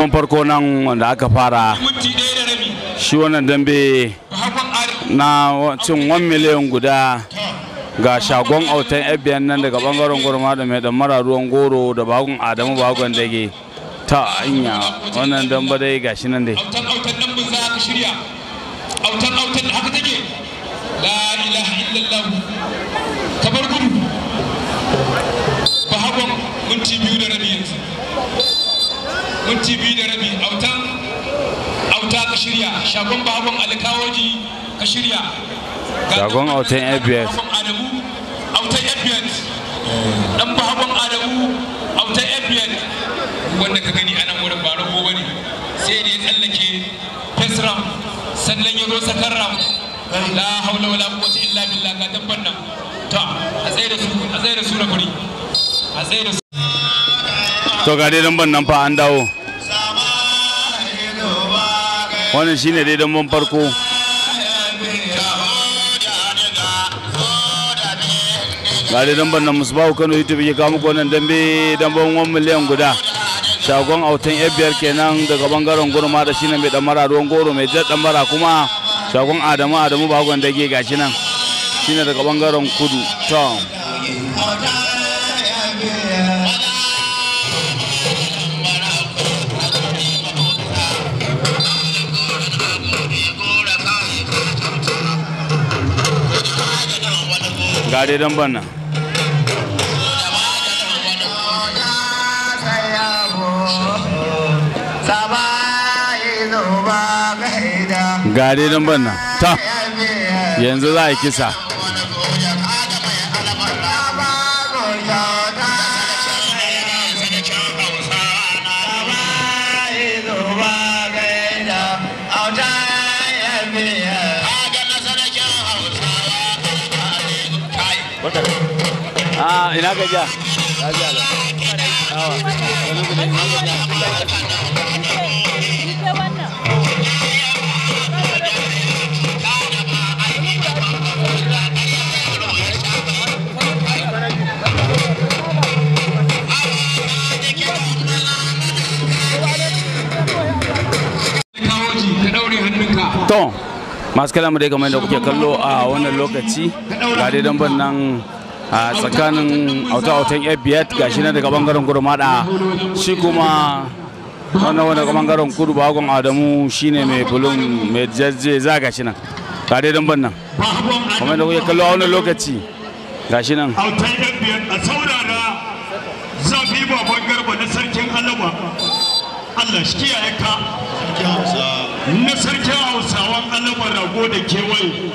tun farko nan da aka fara shi wannan dambe na cin 1 miliyan guda ga shagon autan fbn nan daga bangaren gurma da mai damara ruwan goro da bagun adamu bagun dage ta hanya wannan damba dai gashi nan dai minti biyu da rabi autan auta ka shirya shagon babon alkawoji ka shirya shagon autan abs autan abs dan babon adamu autan abs wanda ka gani ana wurin ba rago bane sai ne tsallake fesram sannan ya zo sakar ram la haula wala quwwata illa billah ka tabban nan to a tsaye da su a tsaye da su na guri a tsaye da su to ga dai dan ban nan fa an dawo wannan shine dai damban farko ga dai damban nan musbahu kano youtube ya kawo muku wannan dambe damban wani miliyan guda shagon autan fbr biyar kenan daga bangaren gurma da shine mai damara ruwan goro mai jar damara kuma shagon adamu adamu ba bagon dage gashi nan shine daga bangaren kudu tom gare dai dan banna ga dai dan banna ta yanzu za a kisa lafiya lafiya la awa wani gudu ne To, masu kalamu dai kamar da kuke kallo a wannan lokaci ga dai don nan a tsakanin auta-autan fbf gashi na daga bangaren kudu mada shi kuma wannan wanda ga bangaren kudu bagon adamu shine mai bulun mai jajje za gashi nan Ka dai damban nan kuma da kuke kallo a wannan lokaci gashi nan autan fbf a saurara zafi baban garba na sarkin alama Allah shi ya ka na sarkin hausawan Alama rago da kewaye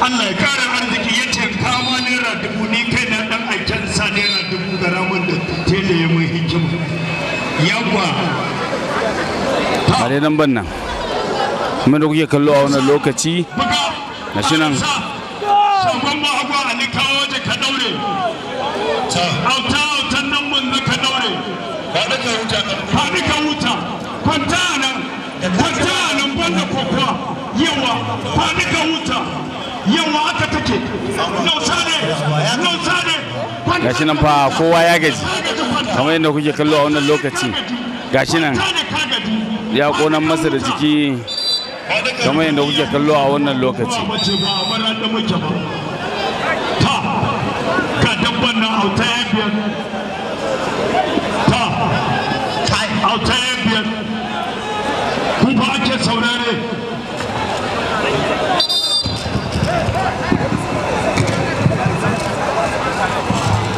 Allah ya kare arziki ya ce kama naira dubu ni kai na dan aikin sa naira dubu ga ramin da da ya mai hikima yawa bare nan ban nan mun da kuke kallo a wannan lokaci na shi nan sabon ma agwa ali kawo waje ka daure ta auta autan nan mun ka daure ka da ka huta ka da ka huta kwanta nan kwanta nan ban da kokwa yawa ka da ka huta yawa aka yake gashi nan fa kowa ya gaji kamar yadda kuke kallo a wannan lokaci gashi nan ya konan masa da jiki kamar yadda kuke kallo a wannan lokaci dabban ya biyar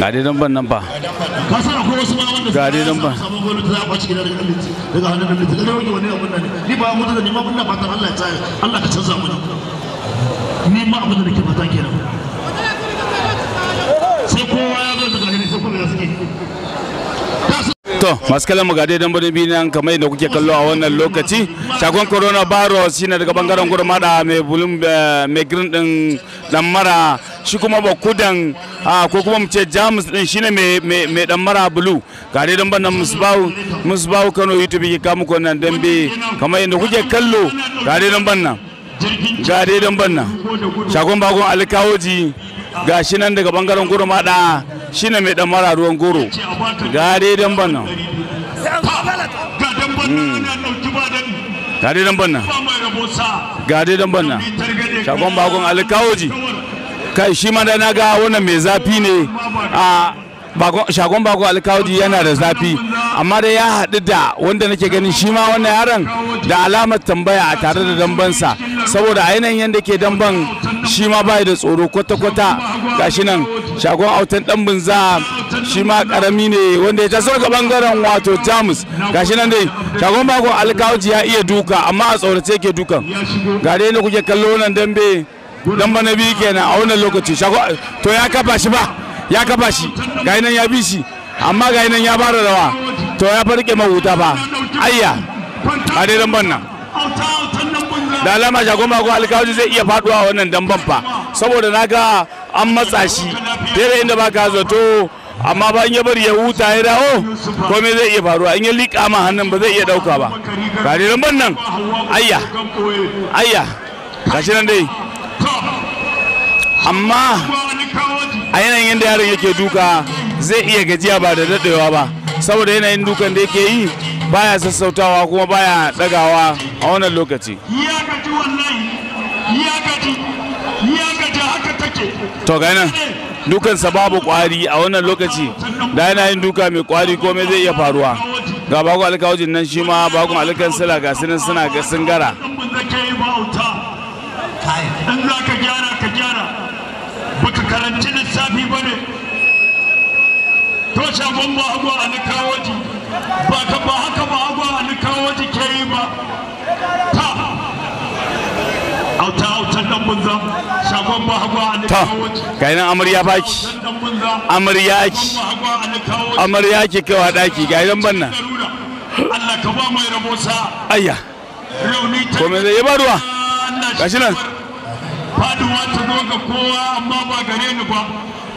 ga dai nan ba ga dai da to masu kallon mu ga dai dan biyu nan kamar yadda kuke kallo a wannan lokaci shagon corona virus shine daga bangaren gurmada mai eh, mai green din dan mara shi kuma bakudan ko kuma mace ce jamus din shine mai dan mara bulu ga dai dan bannan musbahu musbahu kano youtube ki kamu ko nan dambe kamar inda kuke kallo ga dai dan bannan ga dai dan bannan shagon bagon alkawoji ga shi nan daga bangaren goro mada shine mai dan mara ruwan goro ga dai dan bannan ga dai dan bannan ga dai dan bannan shagon bagon alkawoji kai shi ma da na ga wannan mai zafi ne a shagon bako alkawadi yana da zafi amma da ya haɗu da wanda nake ganin shi ma wannan yaron da alamar tambaya a tare da dambansa saboda a yanayin yadda ke damban shi ma bai da tsoro kwata-kwata gashi nan shagon autan dan za shi ma karami ne wanda ya taso ga bangaren wato jamus gashi nan dai shagon bako alkawaji ya iya duka amma a tsorace ke dukan ga dai kuke kallo nan dambe dan bana biyu kenan a wannan lokaci to ya kafa shi ba ya kafa shi ga nan ya bi shi amma ga nan ya bara rawa to ya farke mahuta ba ayya a dai dan banna da alama shagon mako alkawaji zai iya faduwa wannan damban fa saboda na ga an matsa shi fere inda ba ka zato amma ba in ya bari ya huta ya dawo komai zai iya faruwa in ya liƙa ma hannun ba zai iya ɗauka ba ga dai dan bannan ayya ayya gashi nan dai amma a yanayin yadda yaron yake duka zai iya gajiya ba da daɗewa ba saboda yanayin dukan da yake yi baya sassautawa kuma baya ɗagawa a wannan lokaci to nan dukansa babu kwari a wannan lokaci da yana yin duka mai kwari komai zai iya faruwa ga bakon alkawajin nan shi ma bakon alkan sila ga suna sun gara ban ba haka ba ni kawo ji ke yi ba ta auta autan dan bunza shagon ba ni kawo ji ga amarya baki amarya ki amarya ki wa daki ga nan ban Allah ka ba mai rabo sa ayya komai zai yi ba ruwa gashi nan faduwa ta zo ga kowa amma ba gare ni ba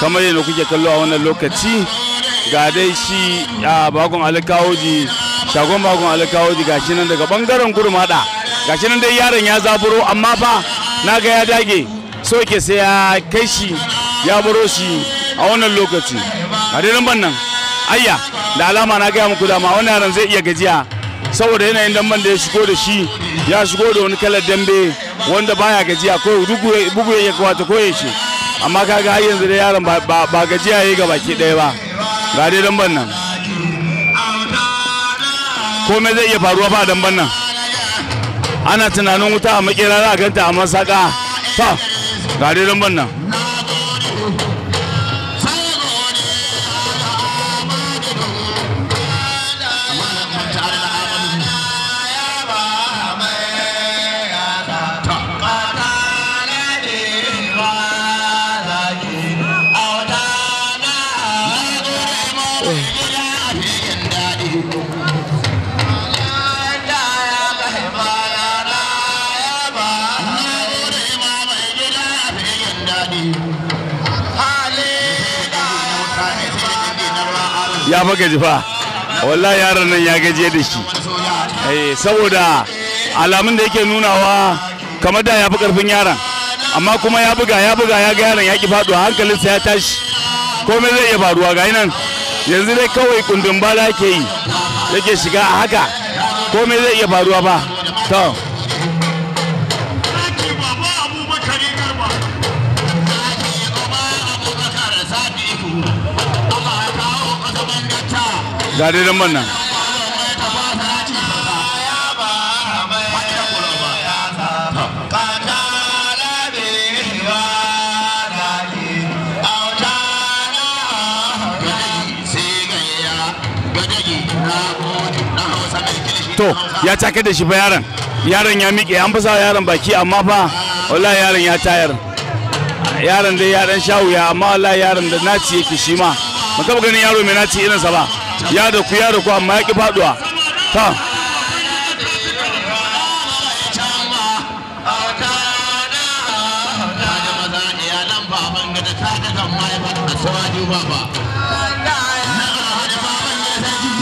kamar yadda kuke kallo a wannan lokaci ga dai shi a bakon alkawoji shagon bakon alkawoji ga shi nan daga bangaren gurmada ga shi nan dai yaron ya zaburo amma fa na ga ya dage soke sai ya kai shi ya baro shi a wannan lokaci a dai lamban nan ayya da alama na gaya muku dama wannan yaron zai iya gajiya saboda yanayin damban da ya shigo da shi ya shigo da wani kalar dambe wanda baya gajiya ko bugu ya kwata ko ya shi amma ka ga yanzu da yaron ba gajiya ya ga baki ɗaya ba ga dai damban nan komai zai iya faruwa ba damban nan ana tunanin wuta a makera za a ganta a masaka to ga dai damban nan maka gaji fa wallahi yaron nan ya gaje da shi eh, saboda alamun da yake nunawa kamar da ya fi karfin yaron amma kuma ya buga ya buga ya ga yaron ya ki hankalin hankalinsa ya tashi komai zai iya faruwa ga nan yanzu dai kawai kundin bala ke yi yake shiga a haka komai zai iya faruwa ba to ga dai damban nan to ya take da shi fa yaron yaron ya miƙe an fasa yaron baki amma fa wallahi yaron ya tayar yaron dai ya dan shawu ya amma wallahi yaron da naci yake shi ma ban taɓa ganin yaro mai naci irinsa ba ya da ku ya da ku amma ya ki faduwa ta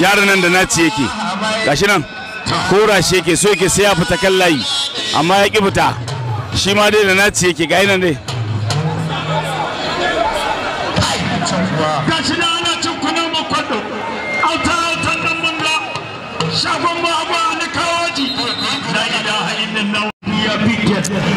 yaro nan da na ci yake gashi nan kora shi yake so yake sai ya fita kan layi amma ya ki fita shi ma dai da na ci yake gashi nan dai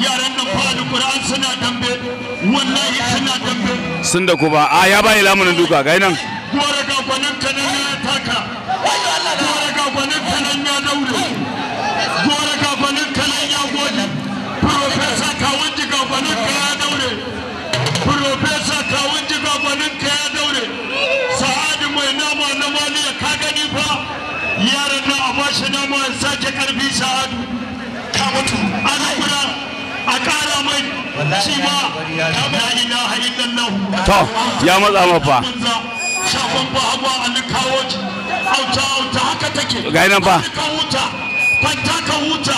yaran nan fa alquran suna dambe wallahi suna dambe sun da kuba a ya bai lamunin duka gai nan gora ga gwanin kanan ya taka gora ga gwanin kanan ya daure gora ga gwanin kanan ya gode professor kawun jiga gwanin ka ya daure professor kawun jiga gwanin ka ya daure sa'adu mai nama na waliya ka gani fa yaran nan a bashi nama sake karfi sa'adu ka mutu ana kura a kara mai shi ma la ilaha illallah to ya matsa mafa shafan ba abuwa an kawo auta auta haka take ga nan fa kwanta ka huta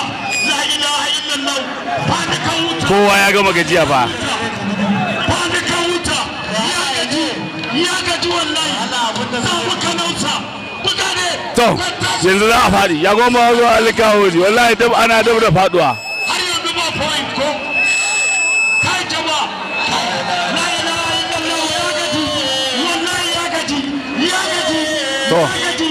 la ilaha illallah fa ka huta kowa ya gama gajiya fa ka huta. Ya Ya gaji. gaji wallahi. to yanzu za a faɗi ya goma zuwa alikawo wallahi ana dab da faduwa to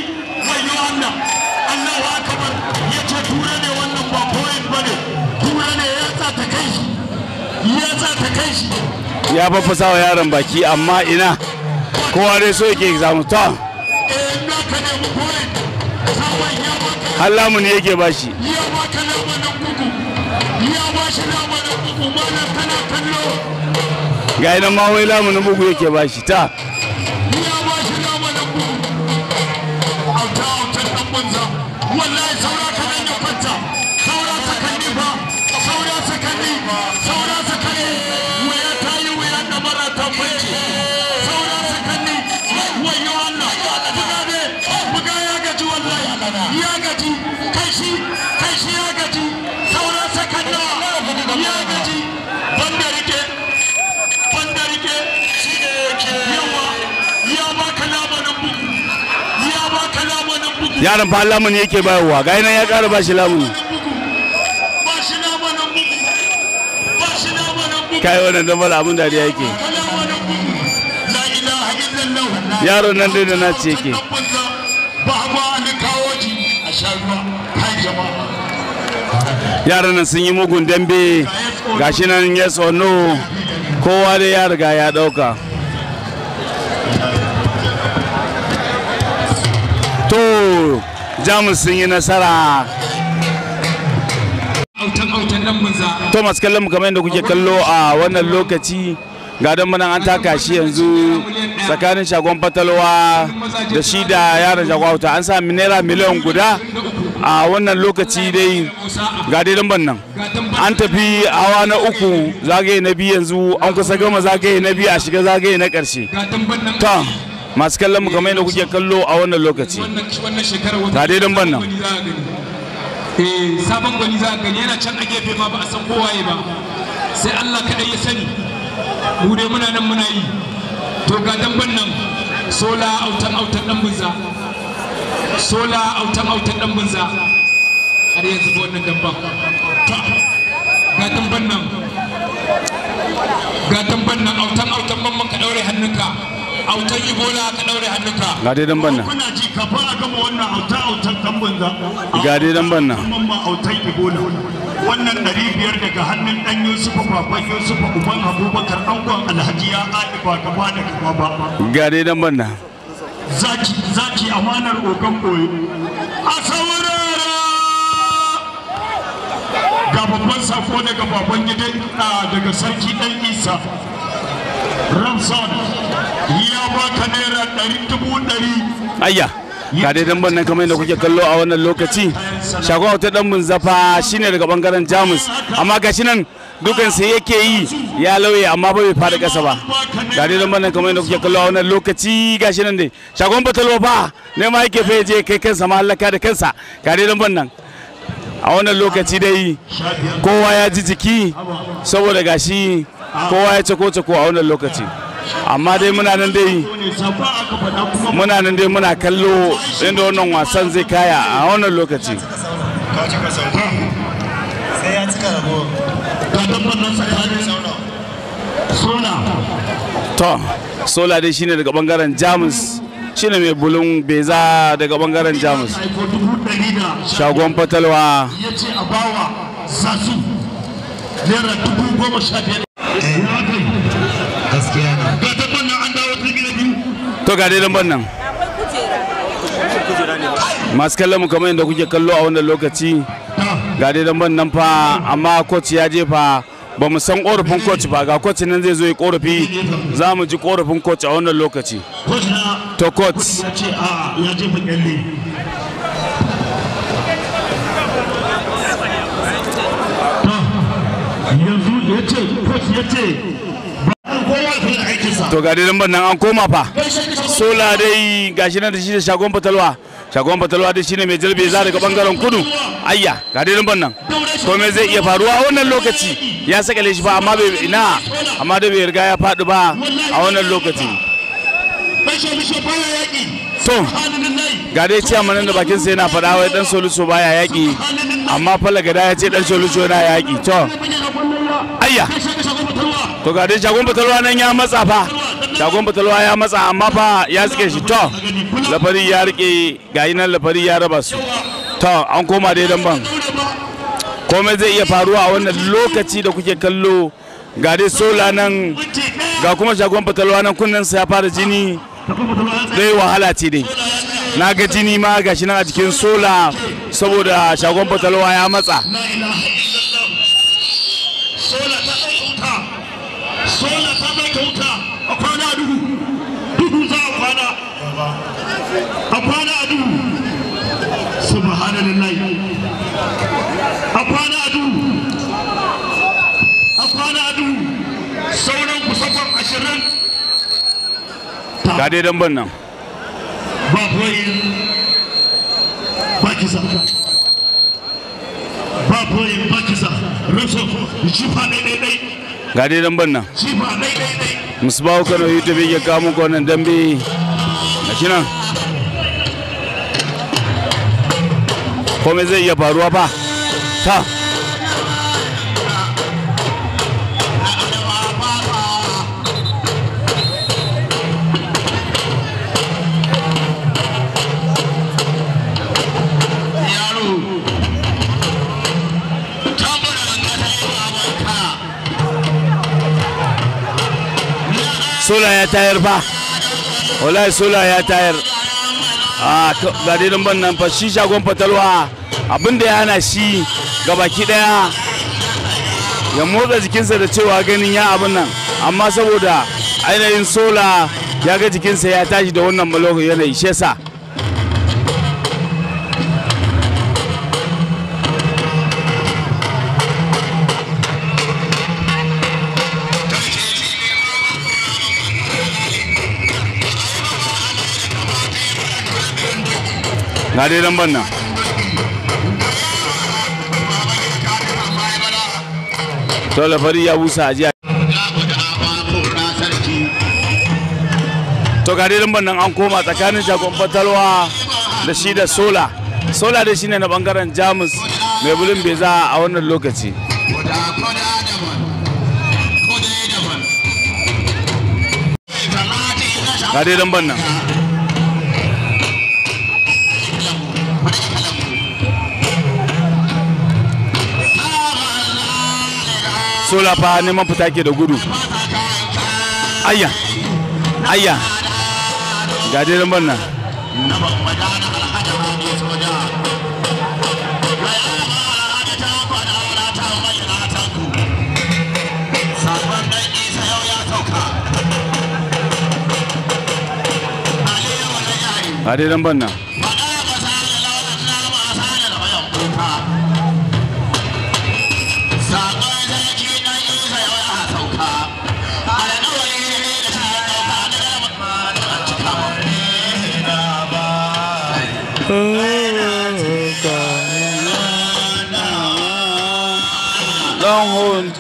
ya babu sawa yaron baki amma ina kowa dai so yake examu to Allah mu ne yake bashi ya ba ka nama na kuku ya ba shi nama na kuku ma na kana kallo ga ina ma wai lamunin bugu yake bashi ta yaran fa mun yake bayarwa ga nan ya ƙara ba shi lamuni kai wannan da mala abun dariya yake yaron nan dai da na ce yake yaran nan sun yi mugun dambe gashi nan yes or no kowa dai ya riga ya dauka jamus sun yi nasara thomas kallon mu kamar yadda kuke kallo a wannan lokaci ga don an taka shi yanzu tsakanin shagon fatalwa da shi da yaran jagwauta an sa naira miliyan guda a wannan lokaci dai ga dai don nan an tafi hawa na uku zagaye na biyu yanzu an kusa gama zagaye na biyu a shiga zagaye na ƙarshe masu kallon mu kamar yadda kuke kallo a wannan lokaci ta daidan ban nan eh, sabon gwani za a gani yana can a gefe ma ba a san kowaye ba sai Allah kaɗai ya sani mu dai muna nan muna yi to ga damban nan sola autan autan dan bunza sola autan autan dan bunza har yanzu ga wannan ban ga damban nan ga damban nan autan autan mamman ka daure hannunka autan ibola ka daure hannunka ga dai dan banna kuna ji ka fara gama wannan auta autan dan banza ga dai dan banna mamma autan ibola wannan daga hannun ɗan yusufu baban uban abubakar angon alhaji ya ba ka ba da ba ga dai dan banna zaki zaki amanar a saurara ga babban sako daga gidan daga sarki ɗan isa ramson ya baka naira ɗari dubu ɗari ayya ga dai dan bannan kamar yadda kuke kallo a wannan lokaci shago wata dan munzafa shine daga bangaren jamus amma gashi nan dukan sai yake yi ya lauye amma ba bai fada kasa ba ga dai dan bannan kamar yadda kuke kallo a wannan lokaci gashi nan dai shagon batalwa ba ne ma yake fa je kai kansa ma halaka da kansa ga dai dan bannan a wannan lokaci dai kowa ya ji jiki saboda gashi kowa ya cako cako a wannan lokaci amma dai muna nan dai muna nan dai muna kallo inda wannan wasan zai kaya a wannan lokaci to sola dai shine daga bangaren jamus shine mai bulun beza daga bangaren jamus shagon fatalwa ya ce a bawa zasu dubu goma sha biyar gaskiya na ga tabban nan an dawo to ga dai lambar nan masu kallon mu kamar yadda kuke kallo a wannan lokaci ga dai lambar nan fa amma coach ya jefa ba mu san korafin coach ba ga coach nan zai zo ya korafi za mu ji korafin coach a wannan lokaci to coach yanzu to ga dai lambar nan an koma fa sola dai gashi nan da shi da shagon fatalwa shagon fatalwa dai shine mai jalbe za daga bangaren kudu ayya ga dai lambar nan to me zai iya faruwa a wannan lokaci ya sakale shi fa amma bai ina amma dai bai riga ya fadi ba a wannan lokaci to ga dai ciya manan da bakin sai yana faɗa wai dan solusu baya yaƙi amma falagada ya ce dan solusu yana yaƙi to ayya to ga dai shagon batalwa nan ya matsa fa shagon batalwa ya matsa amma fa ya tsike shi to lafari ya rike gayi nan lafari ya raba su to an koma dai dan ban komai zai iya faruwa a wannan lokaci da kuke kallo ga dai sola nan ga kuma shagon batalwa nan kunnen sa ya fara jini zai wahala ce dai na ga jini ma gashi na a jikin sola saboda shagon fatalwa ya matsa ga dai ban nan ba foyin ba kisa ba foyin ba kisa raso jifa daidai ga dai ban nan jifa daidai musbahu kano yi tafi ya kawo muku wannan dambe na kinan komai zai iya faruwa ba ta sola ya tayar ba wallahi sola ya tayar a ah, gadirin ban nan fa shi shagon fatalwa abinda ya hana shi ga baki daya ya motsa jikinsa da cewa ganin ya abin nan amma saboda ainihin sola ya ga jikinsa ya tashi da wannan maloko yanayi shesa na dai lamban nan dole fari ya busa a jiya to ga dai lamban nan an koma tsakanin shagon fatalwa da shi da sola sola dai shine na bangaren jamus mai bulin bai za a wannan lokaci ga dai lamban nan sola fa neman fita ke da gudu ayya ayya ga dai lambar a dai nan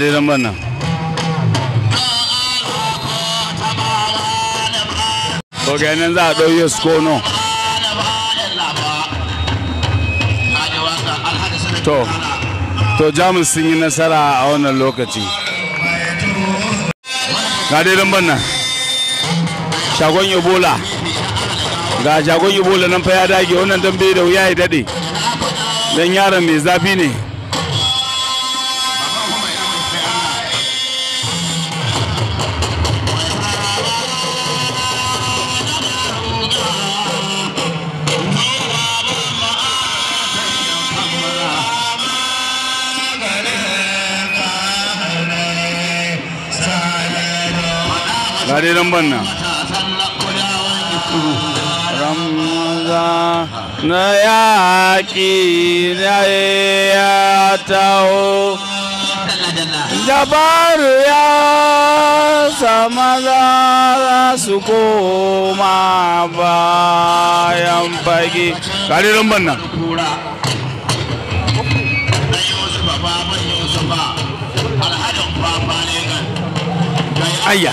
dai lambar nan to ganin za a ɗauye ko no to to jamus sun yi nasara a wannan lokaci ga dai lambar nan shagon ebola ga shagon ebola nan fa ya dage wannan dambe da wuya ya daɗe don yaron mai zafi ne dai nan banna ramza na yaƙi na ya taho dabaru ya sama za su koma bayan fage kare don banna ayya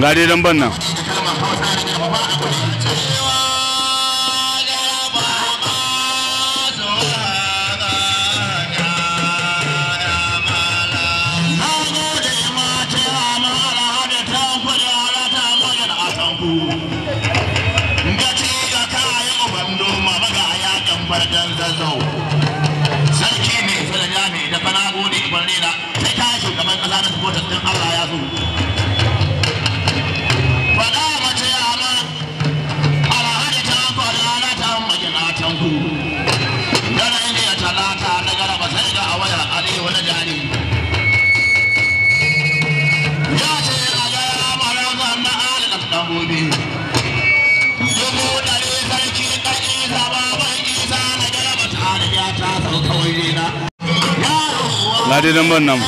ga dai dan ban nan ladi lambar nan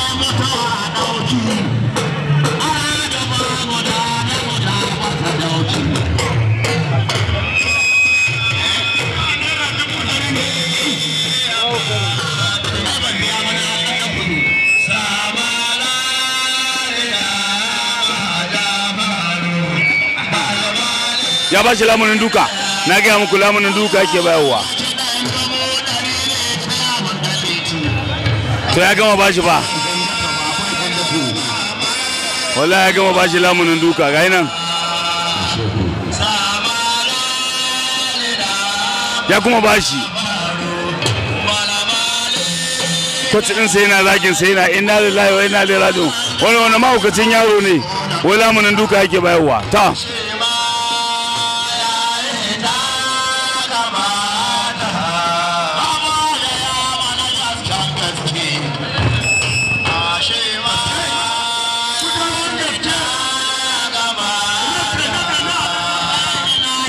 ya ba lamunin duka na gaya muku lamunin duka yake bayarwa to ya gama bashi ba wala ya gama bashi lamunin duka ga nan ya kuma bashi kwacin ɗinsa yana zagin sai yana ina lillahi wa ina ilaihi wani wani mahaukacin yaro ne wai lamunin duka yake bayarwa ta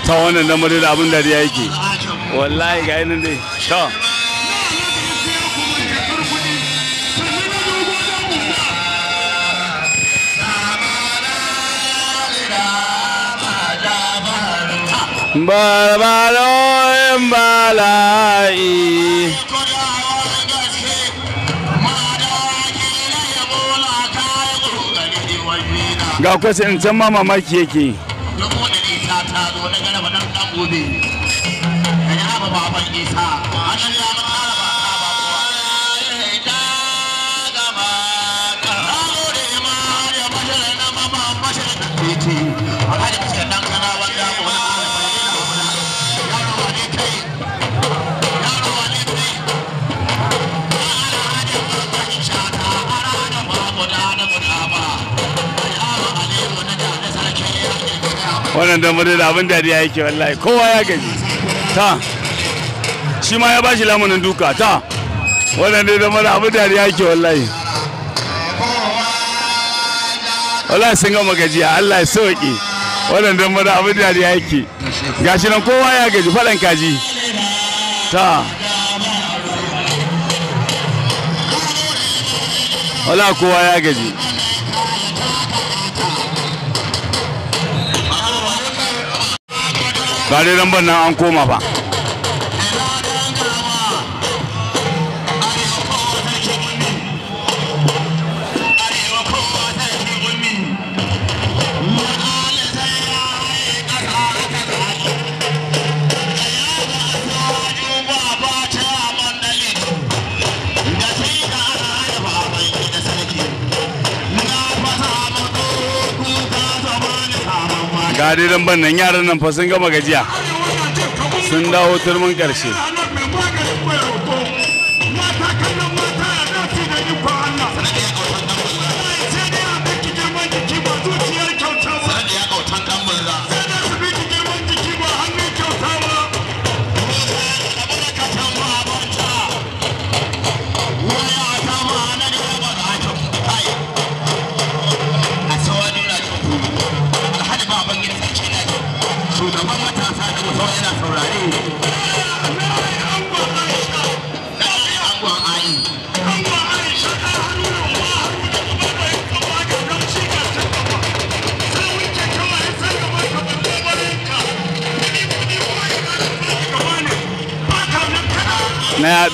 ta wannan lamarin da abin da ya yake wallahi ga yanin dai to Barbaroyin bala'i ga kwasa in can ma mamaki yake wannan dambe da abin dariya yake wallahi kowa ya gaji ta shi ma ya ba shi lamunin duka ta wannan dai dambe da abin dariya yake wallahi wallahi sun gama gajiya Allah ya sauki wannan dambe da abin dariya yake gashi nan kowa ya gaji faɗan kaji ta wala kowa ya gaji ba dai na nan an koma ba ga dai ban nan yaran nan fa sun gama gajiya sun dawo turmin karshe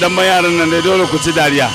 tambayi yaran nan dai dole ku ci dariya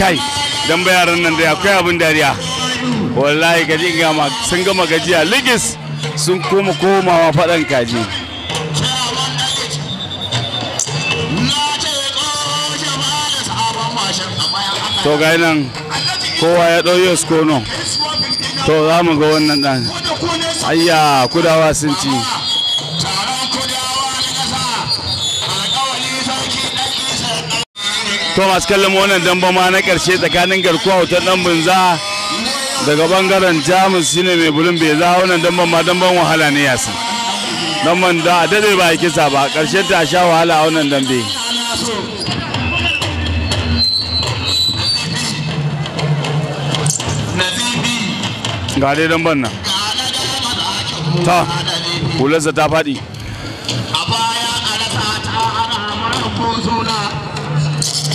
kai don bayaran nan da akwai abin dariya wallahi gaji gama sun gama gajiya ligis sun koma komawa faɗan kaji to ga nan kowa ya ɗau yos kono to za mu ga wannan ɗan ayya kudawa sun ci to masu kallon wannan damba ma na karshe tsakanin garkuwa hoton dan bunza daga bangaren jamus shine mai bulun bai za wannan damban ma damban wahala ne ya san damban da a dade ba kisa ba karshe ta sha wahala a wannan dambe ga dai damban nan ta hularsa ta faɗi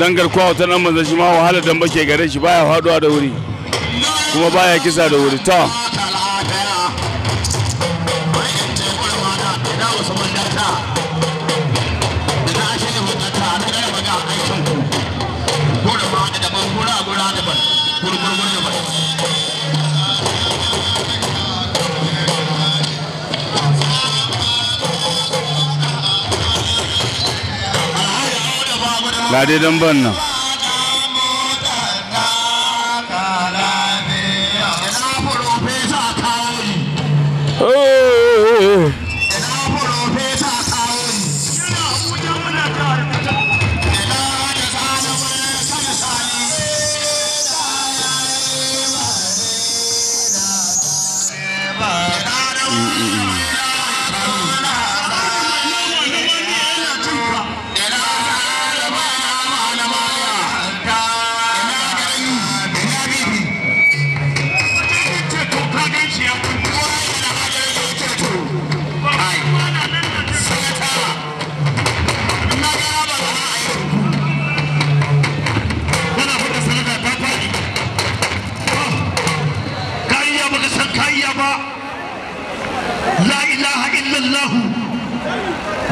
dan garkuwa wata nan manzan shi ma wahala dan bake gare shi baya faduwa da wuri kuma baya kisa da wuri ta ga dai damban nan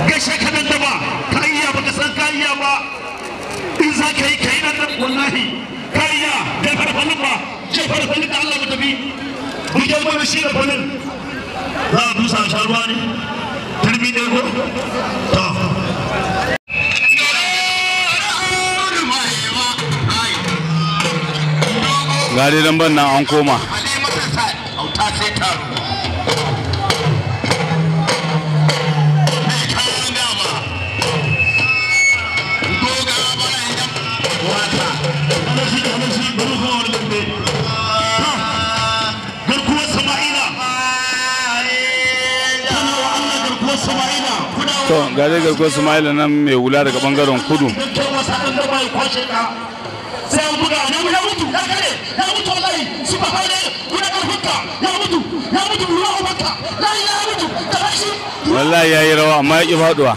gaishe ka nan daba ka iya ba ka san ka iya ba in za ka yi ka yi nan da wallahi ka iya jefar falin ba jefar falin da Allah mu tafi bugen mana shi da falin za a busa sharuwa ne turmi ne ko ta gari dan ban nan an koma auta sai taro ga dai garko Ismail nan mai wula daga bangaren kudu ya yi wallahi ya yi rawa amma ya ƙi faɗuwa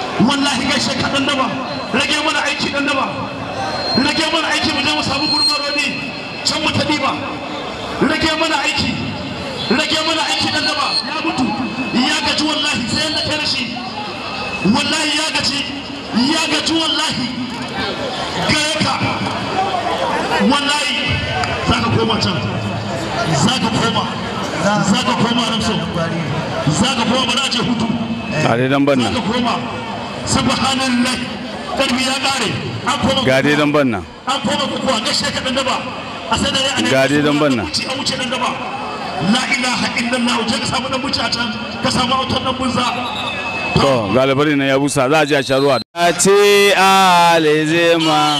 wallahi gaishe ka dan rage mana aiki dan rage mana aiki mu je mu samu gurgaro ne can mu ta diba rage mana aiki rage mana aiki dan ya mutu ya gaji wallahi sai yanda kai rashi wallahi ya gaji ya gaji wallahi gare ka wallahi za ka koma can za ka koma za ka koma ramso za ka koma ba za a ce hutu a dai dan banna subhanallah karfi ya kare an koma dan banna an koma kuwa dan daba a dan a wuce dan daba je a can ka samu dan bunza galibari na ya busa za a ji a sha ruwa a ce alizima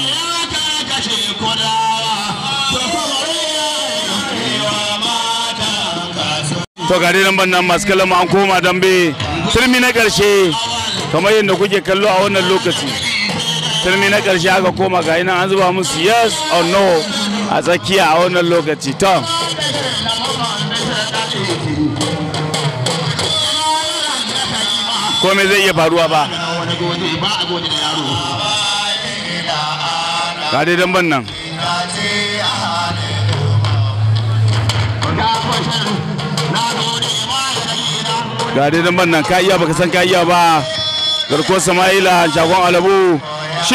to ga ban nan masu kalama an koma dambe turmi na karshe kamar yadda kuke kallo a wannan lokaci turmi na ƙarshe aka koma ga ina an zuba musu yes or no a tsakiya a wannan lokaci tom komai zai iya faruwa ba ga dai ban nan ga dai ban nan ka iya baka san ka iya ba garko sama'ila shagon alabu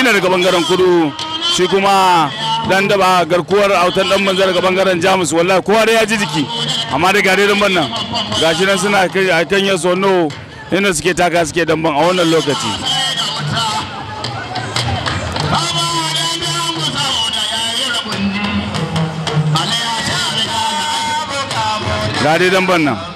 ne daga bangaren kudu shi kuma dan daba garkuwar autan dan manzar daga bangaren jamus wallahi kowa da ya ji jiki amma da dan bannan gashi nan suna kai a kan yaso no inda suke taka suke damban a wannan lokaci garirin bannan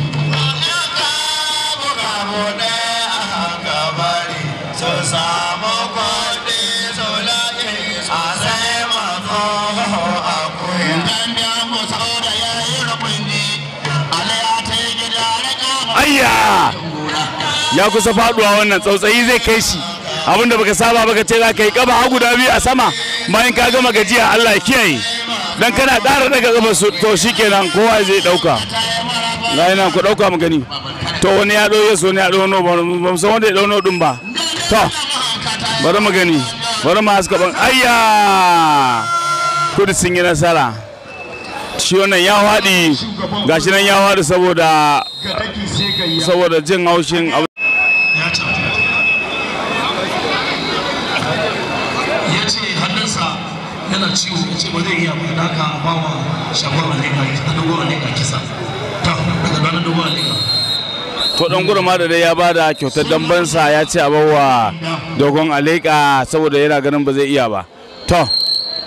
ya kusa faduwa wannan tsautsayi zai kai shi abinda baka saba baka ce za ka yi kaba guda biyu a sama bayan ka gama gajiya Allah ya kiyaye dan kana ƙara daga gaba to shikenan kowa zai dauka ga ina ku dauka mu gani to wani ya doye so ne ya dono ba mu san wanda ya dono din ba to bari mu gani bari mu haska ban ayya kudu sun yi nasara shi wannan ya haɗi gashi nan ya haɗi saboda saboda jin haushin yana ciwo ya ce ba zai iya ba da aka ba wa shagon alika a dogon alika kisa ta daga ranar dogon alika to dan gurma da dai ya bada kyautar dambansa ya ce a bawa dogon alika saboda yana ganin ba zai iya ba to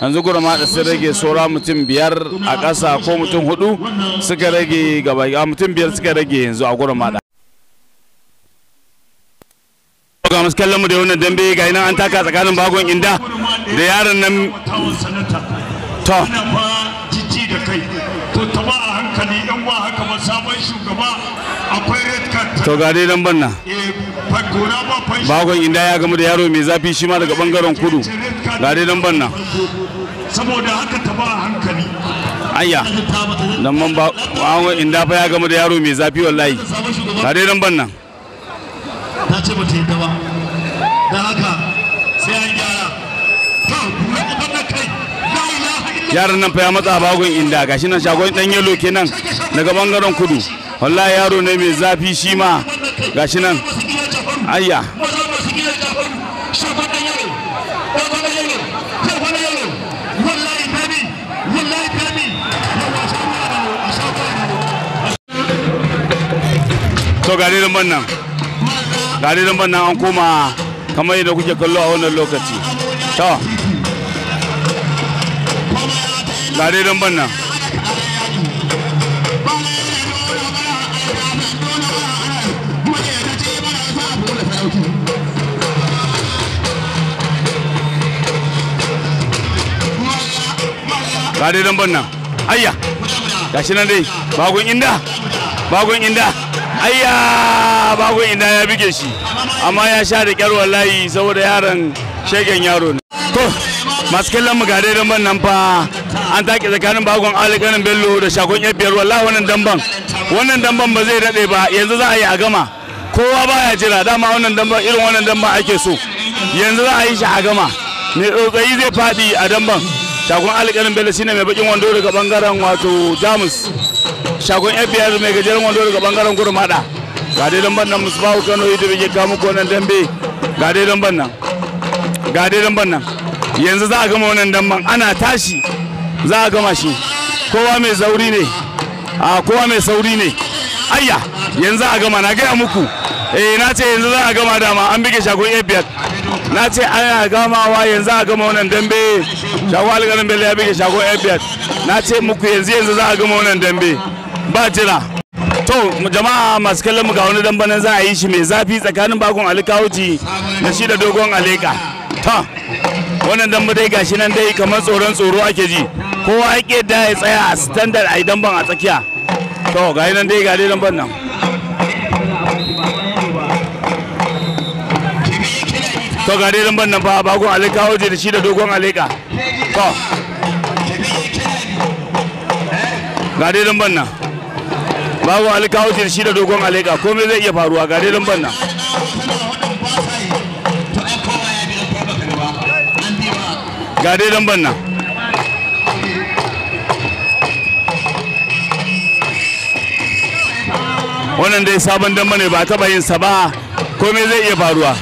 yanzu gurma da sun rage saura mutum biyar a ƙasa ko mutum hudu suka rage gaba a mutum biyar suka rage yanzu a gurma da ga masu kallon mu da wannan dambe ga ina an taka tsakanin bagon inda da yaron nan to jiji da kai to taba a hankali yan wa haka ba sabon shugaba akwai red card to ga dai dan eh, banna bagon inda ya gamu da yaro mai zafi shi ma daga bangaren kudu ga dai dan banna saboda haka taba a hankali ayya dan man ba wa inda fa ya gamu da yaro mai zafi wallahi ga dai dan banna ta ce ba ta yi yaron nan fa ya matsa bagon inda gashi nan shagon dan yalo kenan daga bangaren kudu wallahi yaro ne mai zafi shi ma gashi nan ayya to gari rumban nan gari rumban nan an koma kamar yadda kuke kallo a wannan lokaci to ga dai damban nan ga dai damban nan ayya gashi nan dai bagon inda bagon inda ayya bagon inda ya bige shi amma ya sha da kyar wallahi saboda yaron shegen yaro ne masu kallon mu gare damban nan fa an take tsakanin bagon alƙanin bello da shakon yan biyar wallahi wannan damban wannan damban ba zai daɗe ba yanzu za a yi a gama kowa baya jira dama wannan damban irin wannan damban ake so yanzu za a yi shi a gama mai tsotsayi zai faɗi a damban shagon alƙanin bello shine mai bakin wando daga bangaren wato jamus shagon yan biyar mai gajeren wando daga bangaren gurmada ga dai damban nan musbahu kano yi da bige ko nan dambe ga dai damban nan ga dai damban nan yanzu za a gama wannan damban ana tashi za a gama shi kowa mai zauri ne a kowa mai sauri ne ayya yanzu a gama na gaya muku eh na ce yanzu za a gama dama an bige shagon abiyar na ce ana gamawa yanzu a gama wannan dambe shagon alƙalin bello ya bige shagon abiyar na ce muku yanzu yanzu za a gama wannan dambe ba jira to jama'a masu kallon mu ga wani damban za a yi shi mai zafi tsakanin bakon alikawuci da shi da dogon aleka ta wannan dan dai gashi nan dai kamar tsoron tsoro ake ji kowa yake da ya tsaya a standard a idan ban a tsakiya to ga nan dai ga dai damban nan to ga dai damban nan fa bago alika hoje da shi da dogon alika to ga dai damban nan bago alika hoje da shi da dogon alika komai zai iya faruwa ga dai damban nan ga dai banna. nan wannan dai sabon damba ne ba taba yin sa ba komai zai iya faruwa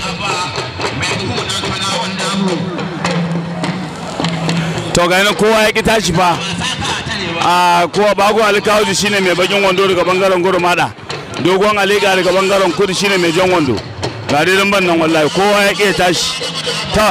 to ga nan kowa ya ki tashi fa a kowa bago shi shine mai bakin wando daga bangaren gudu mada dogon aliga daga bangaren kudu shine mai jan wando ga dai banna nan wallahi kowa ya ki tashi ta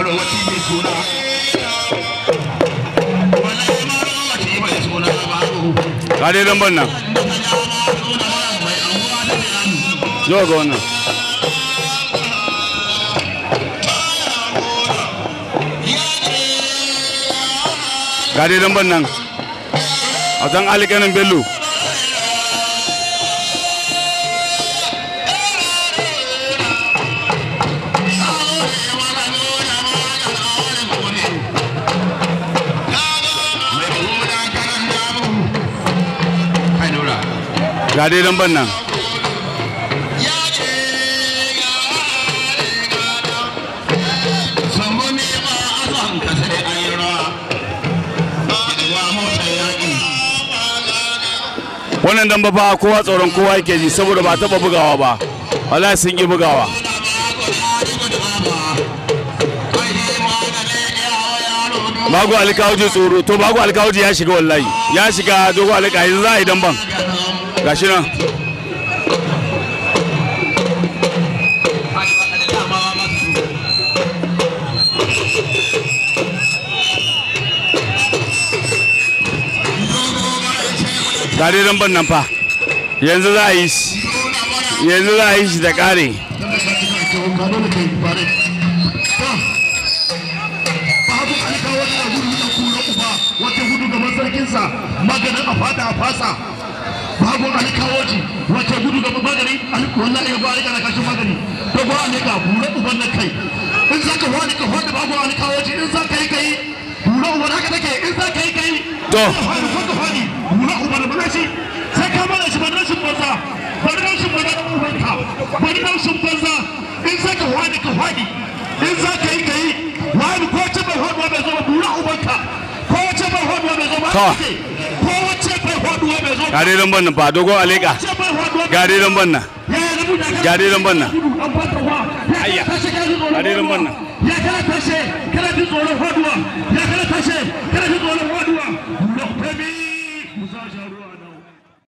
marowaci mai suna mai suna ka dai lambar nan ga wannan dai lambar nan a zan alƙanin bello ga dai lamban nan wannan dan ba kowa tsoron kowa yake ji saboda ba taba bugawa ba wallahi sun yi bugawa bago alkawuji tsoro to bago alkawuji ya shiga wallahi ya shiga dogo alkawuji za a yi dan ban gashi nan gare ramban nan fa yanzu za a yi shi yanzu za a yi shi da kare maganin a fata a fasa abun an kawo ci wace gudu wannan ya kashin magani to ba ne ka bura uban na kai in zaka wani ka babu kawo ci in zaka yi kai uban haka take in zaka yi kai to uban ba shi sai ka shi banza uban ka banza in zaka wani ka in zaka yi kai wani ko ce bai hodo bai uban ka ko ce bai hodo bai gari dai lamban nan ba dogon aleka gari dai lamban nan gari dai lamban nan ayya gari dai lamban nan ya kana tashe kana jin tsoron faduwa ya kana tashe kana jin tsoron faduwa